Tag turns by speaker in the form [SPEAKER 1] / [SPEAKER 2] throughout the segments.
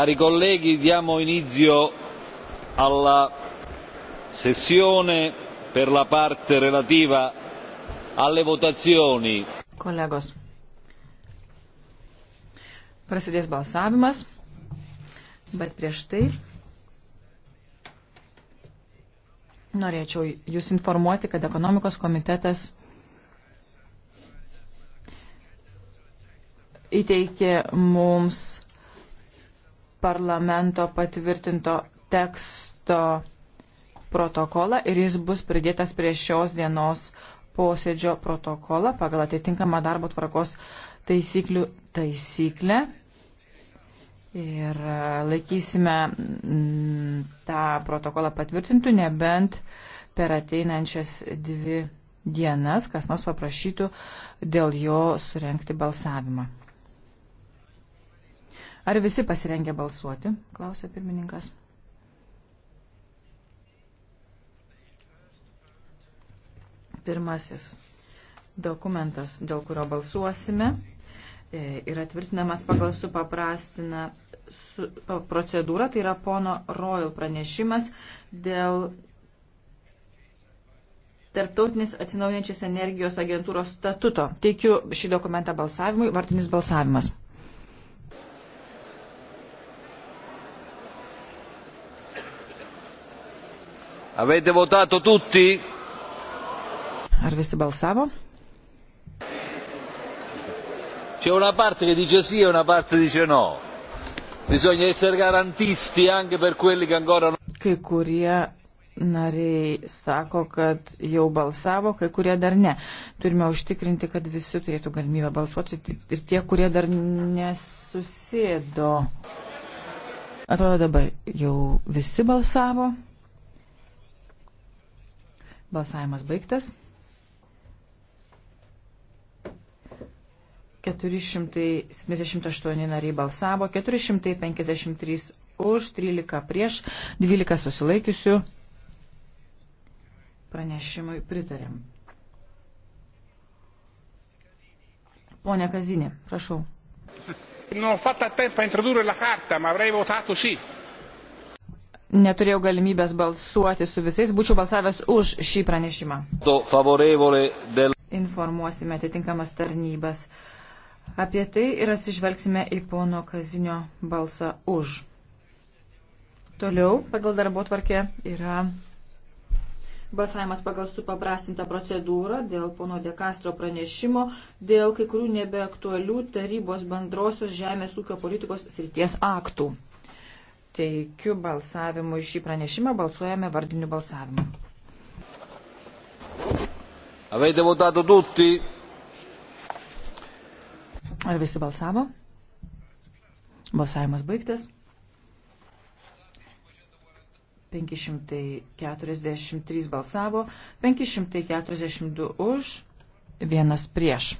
[SPEAKER 1] Cari colleghi, diamo inizio alla sessione per la parte relativa alle votazioni.
[SPEAKER 2] Kolegos, prasidės balsavimas, bet prieš tai norėčiau Jūs informuoti, kad ekonomikos komitetas įteikė mums parlamento patvirtinto teksto protokolą ir jis bus pridėtas prie šios dienos posėdžio protokolą pagal atitinkamą darbo tvarkos taisyklių taisyklę. Ir e, laikysime mm, tą protokolą patvirtintų, nebent per ateinančias dvi dienas kas nors paprašytų dėl jo surenkti balsavimą. Ar visi pasirengę balsuoti? Klausė pirmininkas. Pirmasis dokumentas, dėl kurio balsuosime, e, yra tvirtinamas pagal supaprastiną su, procedūrą, tai yra pono Royal pranešimas dėl Tarptautinės atsinaujančios energijos agentūros statuto. Teikiu šį dokumentą balsavimui, vartinis
[SPEAKER 1] balsavimas. Avete votato tutti?
[SPEAKER 2] Ar visi balsavo?
[SPEAKER 1] C'è una parte che dice sì e una parte dice no. Bisogna essere garantisti anche per quelli che ancora non.
[SPEAKER 2] Kai kurie nariai sako, kad jau balsavo, kai kurie dar ne. Turime užtikrinti, kad visi turėtų galimybę balsuoti ir tie, kurie dar nesusėdo. Atrodo, dabar jau visi balsavo. Balsavimas baigtas. 478 nariai balsavo, 453 už, 13 prieš, 12 susilaikiusių. Pranešimui pritarėm. Pone Kazinė, prašau.
[SPEAKER 1] Non ho fatto a tempo a introdurre la carta, ma avrei votato sì. Si
[SPEAKER 2] neturėjau galimybės balsuoti su visais, būčiau balsavęs už šį pranešimą. Informuosime atitinkamas tarnybas apie tai ir atsižvelgsime į pono Kazinio balsą už. Toliau pagal darbo tvarkė yra balsavimas pagal supaprastintą procedūrą dėl pono Dekastro pranešimo dėl kai kurių nebeaktualių tarybos bendrosios žemės ūkio politikos srities aktų teikiu balsavimu šį pranešimą, balsuojame vardiniu balsavimu.
[SPEAKER 1] Avete votato tutti? Ar visi
[SPEAKER 2] balsavo? Balsavimas baigtas. 543 balsavo, 542 už, vienas prieš.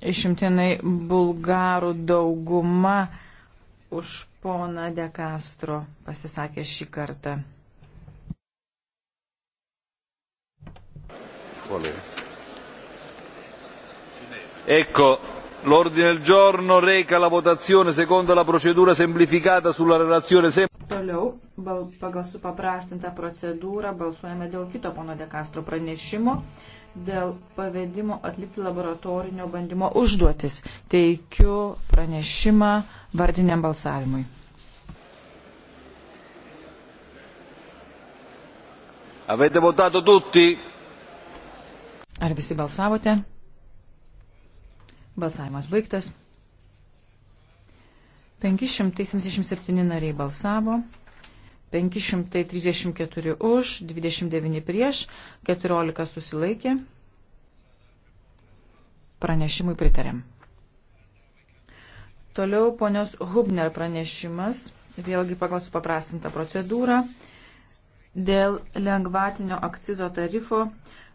[SPEAKER 2] išimtinai bulgarų dauguma už poną De Castro pasisakė šį kartą.
[SPEAKER 1] Ecco, l'ordine del giorno reca la votazione secondo la procedura semplificata sulla relazione Toliau,
[SPEAKER 2] bal, pagal supaprastintą procedūrą, balsuojame dėl kito pono De Castro pranešimo dėl pavedimo atlikti laboratorinio bandymo užduotis. Teikiu pranešimą vardiniam balsavimui.
[SPEAKER 1] Avete votato tutti?
[SPEAKER 2] Ar visi balsavote? Balsavimas baigtas. 577 nariai balsavo. 534 už, 29 prieš, 14 susilaikė. Pranešimui pritarėm. Toliau ponios Hubner pranešimas, vėlgi pagal supaprastintą procedūrą, dėl lengvatinio akcizo tarifo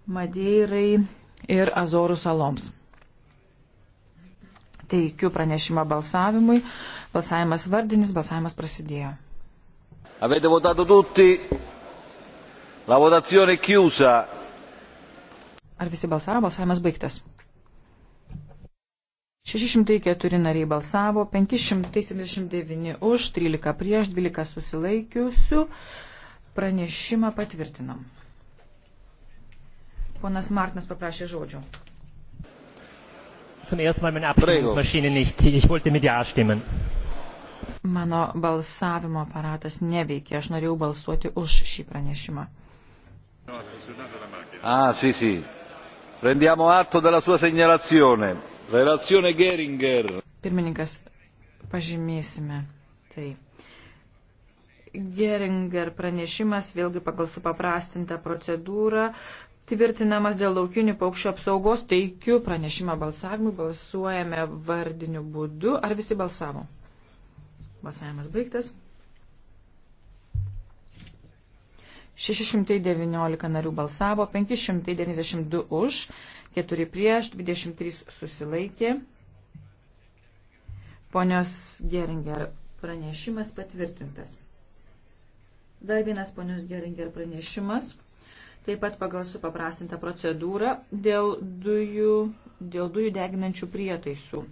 [SPEAKER 2] Madeirai ir Azorų saloms. Teikiu pranešimą balsavimui. Balsavimas vardinis, balsavimas prasidėjo.
[SPEAKER 1] Avete votato tutti? La votazione è chiusa.
[SPEAKER 2] Ar visi balsavo? Balsavimas baigtas. 604 nariai balsavo, 579 už, 13 prieš, 12 susilaikiusių. Pranešimą patvirtinam. Ponas Martinas paprašė žodžių.
[SPEAKER 1] Zum ersten Mal meine Abstimmungsmaschine nicht. Ich wollte mit Ja stimmen.
[SPEAKER 2] Mano balsavimo aparatas neveikia. Aš norėjau balsuoti už šį pranešimą.
[SPEAKER 1] Ah, sì, sì. Prendiamo atto della sua segnalazione. Relazione Geringer.
[SPEAKER 2] Pirmininkas, pažymėsime tai. Geringer pranešimas, vėlgi pagal supaprastintą procedūrą, tvirtinamas dėl laukinių paukščių apsaugos, teikiu pranešimą balsavimui, balsuojame vardiniu būdu. Ar visi balsavo? Balsavimas baigtas. 619 narių balsavo, 592 už, 4 prieš, 23 susilaikė. Ponios Geringer pranešimas patvirtintas. Dar vienas ponios Geringer pranešimas. Taip pat pagal supaprastintą procedūrą dėl dujų, dėl dujų deginančių prietaisų.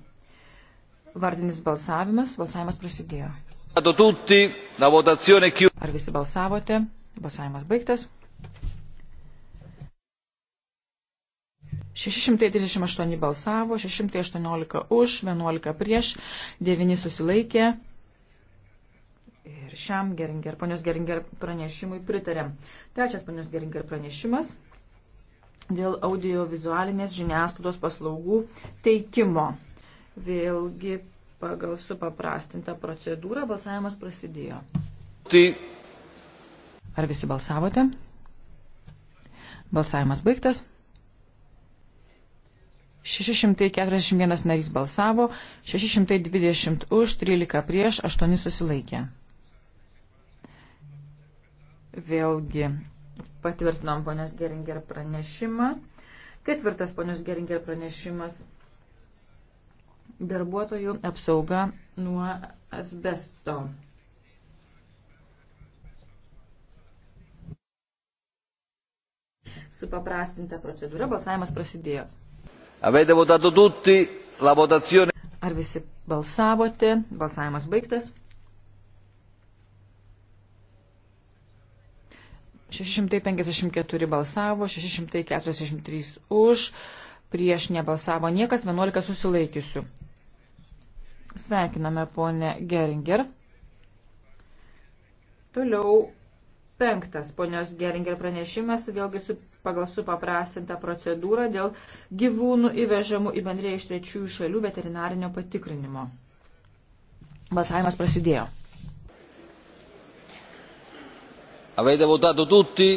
[SPEAKER 2] Vardinis balsavimas. Balsavimas prasidėjo. Ar visi balsavote? Balsavimas baigtas. 638 balsavo, 618 už, 11 prieš, 9 susilaikė. Ir šiam Geringer, ponios Geringer pranešimui pritarėm. Trečias ponios Geringer pranešimas dėl audiovizualinės žiniasklaidos paslaugų teikimo. Vėlgi pagal supaprastintą procedūrą balsavimas prasidėjo. Tai. Ar visi balsavote? Balsavimas baigtas. 641 narys balsavo, 620 už, 13 prieš, 8 susilaikė. Vėlgi patvirtinom ponios Geringer pranešimą. Ketvirtas ponios Geringer pranešimas Darbuotojų apsauga nuo asbesto. Supaprastinta procedūra, balsavimas prasidėjo.
[SPEAKER 1] Avete votato tutti, la votazione. Ar visi
[SPEAKER 2] balsavote? Balsavimas baigtas. 654 balsavo, 643 už, prieš nebalsavo niekas, 11 susilaikiusių. Sveikiname ponę Geringer. Toliau penktas ponios Geringer pranešimas, vėlgi su, pagal supaprastintą procedūrą dėl gyvūnų įvežamų į bendrėje iš trečiųjų šalių veterinarinio patikrinimo. Balsavimas prasidėjo.
[SPEAKER 1] Avete votato tutti?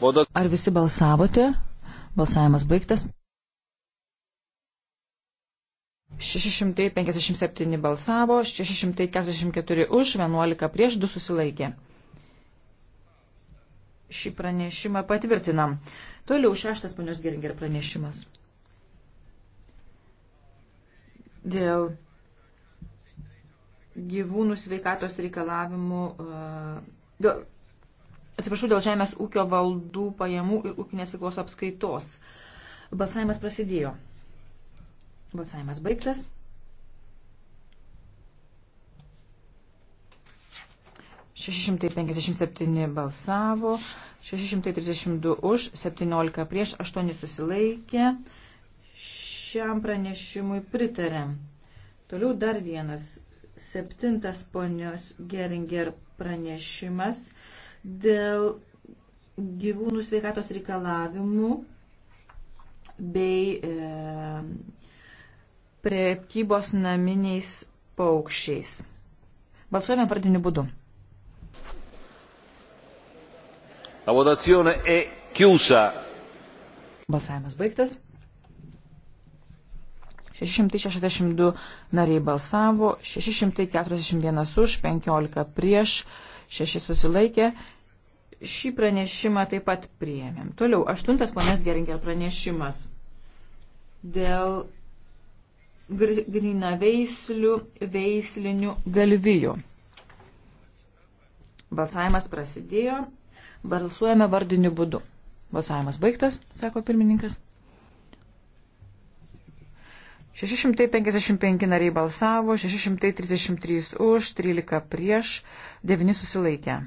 [SPEAKER 1] Voto...
[SPEAKER 2] Ar visi balsavote? Balsavimas baigtas. 657 balsavo, 644 už, 11 prieš, 2 susilaikė. Šį pranešimą patvirtinam. Toliau šeštas ponios Geringer pranešimas. Dėl gyvūnų sveikatos reikalavimų, e, dėl, atsiprašau, dėl žemės ūkio valdų pajamų ir ūkinės veiklos apskaitos. Balsavimas prasidėjo. Balsavimas baigtas. Šešišimtai penkiasdešimt septyni balsavo, šešišimtai trisdešimt du už, septyniolika prieš, aštuoni susilaikė. Šiam pranešimui pritarėm. Toliau dar vienas septintas ponios Geringer pranešimas dėl gyvūnų sveikatos reikalavimų bei e, priekybos naminiais paukščiais. Balsuojame pradiniu būdu.
[SPEAKER 1] La votazione è chiusa.
[SPEAKER 2] Balsavimas baigtas. 662 nariai balsavo, 641 už, 15 prieš, 6 susilaikė. Šį pranešimą taip pat priėmėm. Toliau, aštuntas ponės Geringer pranešimas dėl grinaveislių veislinių galvijų. Balsavimas prasidėjo, balsuojame vardiniu būdu. Balsavimas baigtas, sako pirmininkas. 655 nariai balsavo, 633 už, 13 prieš, 9 susilaikė.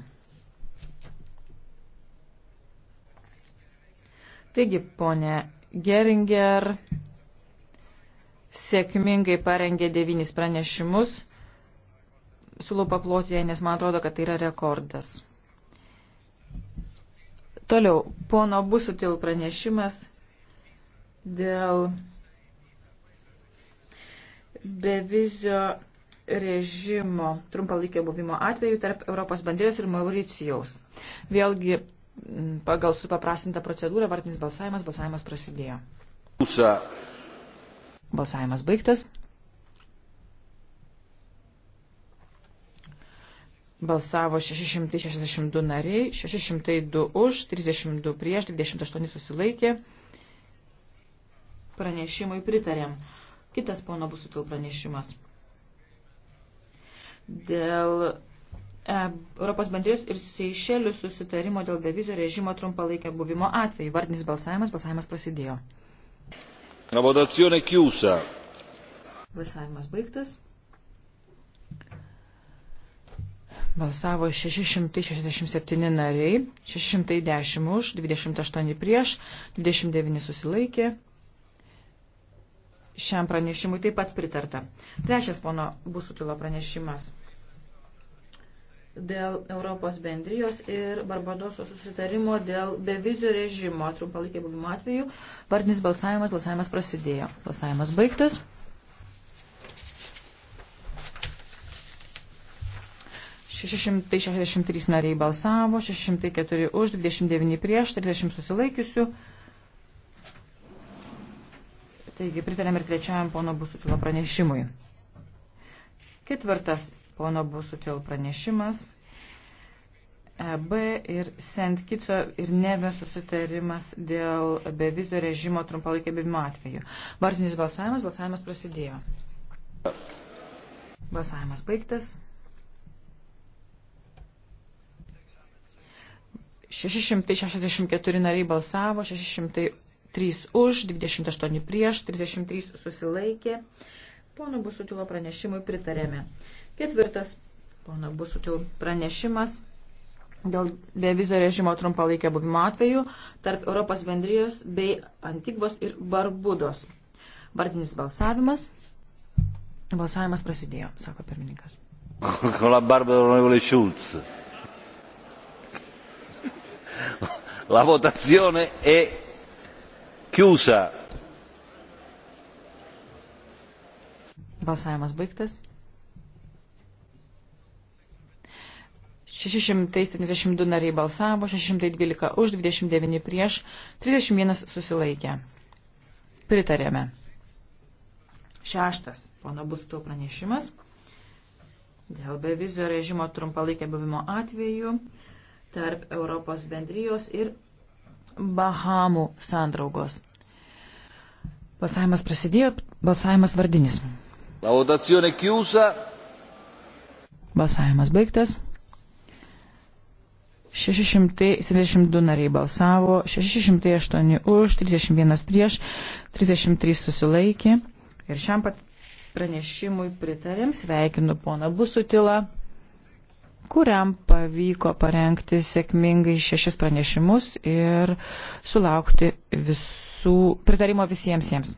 [SPEAKER 2] Taigi, ponė Geringer, sėkmingai parengė devynis pranešimus. Siūlau paploti jai, nes man atrodo, kad tai yra rekordas. Toliau, pono Busutil pranešimas dėl bevizio režimo trumpalaikio buvimo atveju tarp Europos bandėjos ir Mauricijaus. Vėlgi, pagal supaprastintą procedūrą, vartinis balsavimas, balsavimas prasidėjo. Usa. Balsavimas baigtas. Balsavo 662 nariai, 602 už, 32 prieš, 28 susilaikė. Pranešimui pritarėm. Kitas pono Busutil pranešimas. Dėl e, Europos bendrijos ir Seišelių susitarimo dėl bevizio režimo trumpalaikio buvimo atveju. Vardinis balsavimas, balsavimas prasidėjo.
[SPEAKER 1] La votazione è chiusa.
[SPEAKER 2] Balsavimas baigtas. Balsavo 667 nariai, 610 už, 28 prieš, 29 susilaikė. Šiam pranešimui taip pat pritarta. Trečias pono Busutilo pranešimas dėl Europos bendrijos ir Barbadoso susitarimo dėl bevizio režimo trumpalaikio buvimo atveju. Partinis balsavimas, balsavimas prasidėjo. Balsavimas baigtas. Šešišimtai šešiasdešimt trys nariai balsavo, šešišimtai keturi už, dvidešimt devyni prieš, trisdešimt susilaikiusių. Taigi pritarėm ir trečiajam pono Busutilo pranešimui. Ketvirtas pono Busutil pranešimas. EB ir Sentkico ir Neve susitarimas dėl bevizio režimo trumpalaikio bėgimo atveju. Vartinis balsavimas, balsavimas prasidėjo. Balsavimas baigtas. 664 nariai balsavo, 603 už, 28 prieš, 33 susilaikė. Pono Busutilo pranešimui pritarėme. Ketvirtas pono Busutilo pranešimas dėl bevizio režimo trumpalaikio buvimo atveju tarp Europos bendrijos bei Antigvos ir Barbudos. Vardinis balsavimas. Balsavimas prasidėjo, sako pirmininkas.
[SPEAKER 1] Con la barba dell'onorevole Schulz. La votazione è chiusa.
[SPEAKER 2] Balsavimas baigtas. 672 nariai balsavo, 612 už, 29 prieš, 31 susilaikė. Pritarėme. Šeštas pono Busto pranešimas dėl bevizio režimo trumpalaikio buvimo atveju tarp Europos bendrijos ir Bahamų sandraugos. Balsavimas prasidėjo, balsavimas vardinis.
[SPEAKER 1] La votazione chiusa.
[SPEAKER 2] Balsavimas baigtas. 672 nariai balsavo, 608 už, 31 prieš, 33 susilaikė. Ir šiam pat pranešimui pritarėm, sveikinu poną Busutilą, kuriam pavyko parengti sėkmingai šešis pranešimus ir sulaukti visų pritarimo visiems jiems.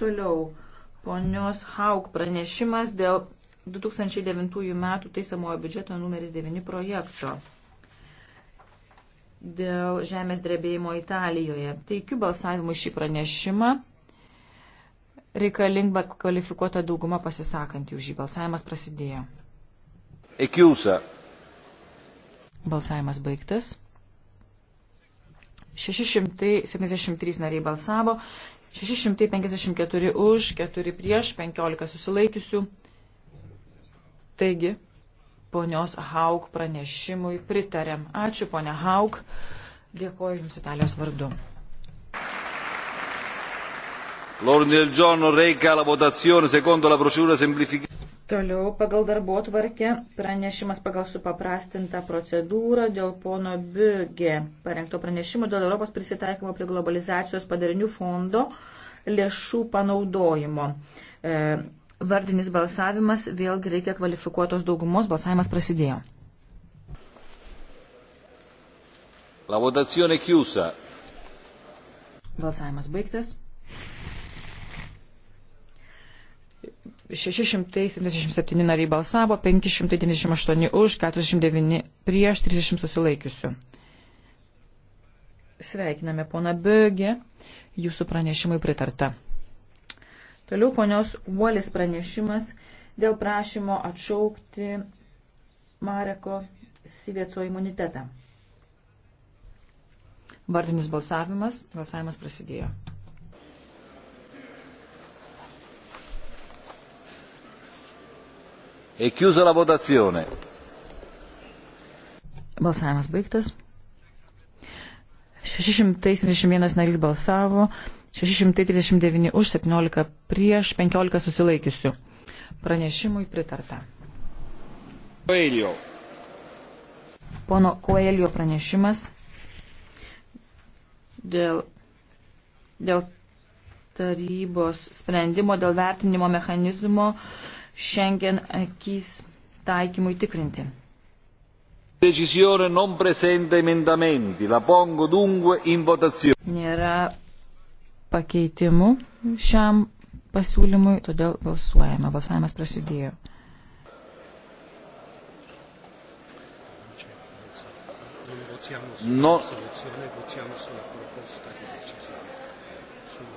[SPEAKER 2] Toliau, ponios Hauk pranešimas dėl 2009 metų taisamojo biudžeto numeris 9 projekto dėl žemės drebėjimo Italijoje. Teikiu balsavimui šį pranešimą. Reikalinga kvalifikuota dauguma pasisakant už jį. Balsavimas prasidėjo. Ekiusa. Balsavimas baigtas. 673 nariai balsavo, 654 už, 4 prieš, 15 susilaikiusių. Taigi, ponios Haug pranešimui pritarėm. Ačiū, ponia Haug. Dėkuoju Jums Italijos vardu.
[SPEAKER 1] L'ordine del giorno reca la votazione secondo la procedura semplificata.
[SPEAKER 2] Toliau pagal darbo tvarkę pranešimas pagal supaprastintą procedūrą dėl pono Biugė parengto pranešimo dėl Europos prisitaikymo prie globalizacijos padarinių fondo lėšų panaudojimo. E, vardinis balsavimas, vėlgi reikia kvalifikuotos daugumos, balsavimas prasidėjo.
[SPEAKER 1] La votazione chiusa.
[SPEAKER 2] Balsavimas baigtas. 677 nariai balsavo, 598 už, 49 prieš, 30 susilaikiusių. Sveikiname pona Bögė, jūsų pranešimui pritarta. Toliau ponios Uolis pranešimas dėl prašymo atšaukti Mareko Sivieco imunitetą. Vardinis balsavimas, balsavimas prasidėjo.
[SPEAKER 1] È e chiusa la votazione.
[SPEAKER 2] Balsavimas baigtas. 671 narys balsavo, 639 už, 17 prieš, 15 susilaikiusių. Pranešimui pritarta. Koelio. Pono Koelio pranešimas dėl, dėl tarybos sprendimo, dėl vertinimo mechanizmo šiandien akys taikymui tikrinti.
[SPEAKER 1] Decisione non presenta emendamenti, la pongo dunque in votazione. Nėra
[SPEAKER 2] pakeitimų šiam pasiūlymui, todėl balsuojame. Balsavimas prasidėjo.
[SPEAKER 1] No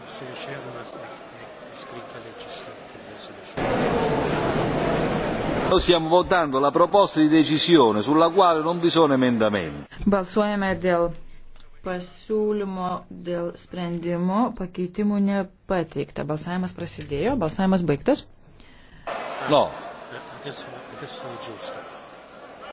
[SPEAKER 1] se c'è una scritta legislativa. Noi stiamo votando la proposta di decisione sulla quale non vi sono emendamenti.
[SPEAKER 2] Balsuojame dėl pasiūlymo, dėl sprendimo, pakeitimų nepateikta. Balsavimas prasidėjo, balsavimas baigtas.
[SPEAKER 1] No. Adesso, adesso è giusto.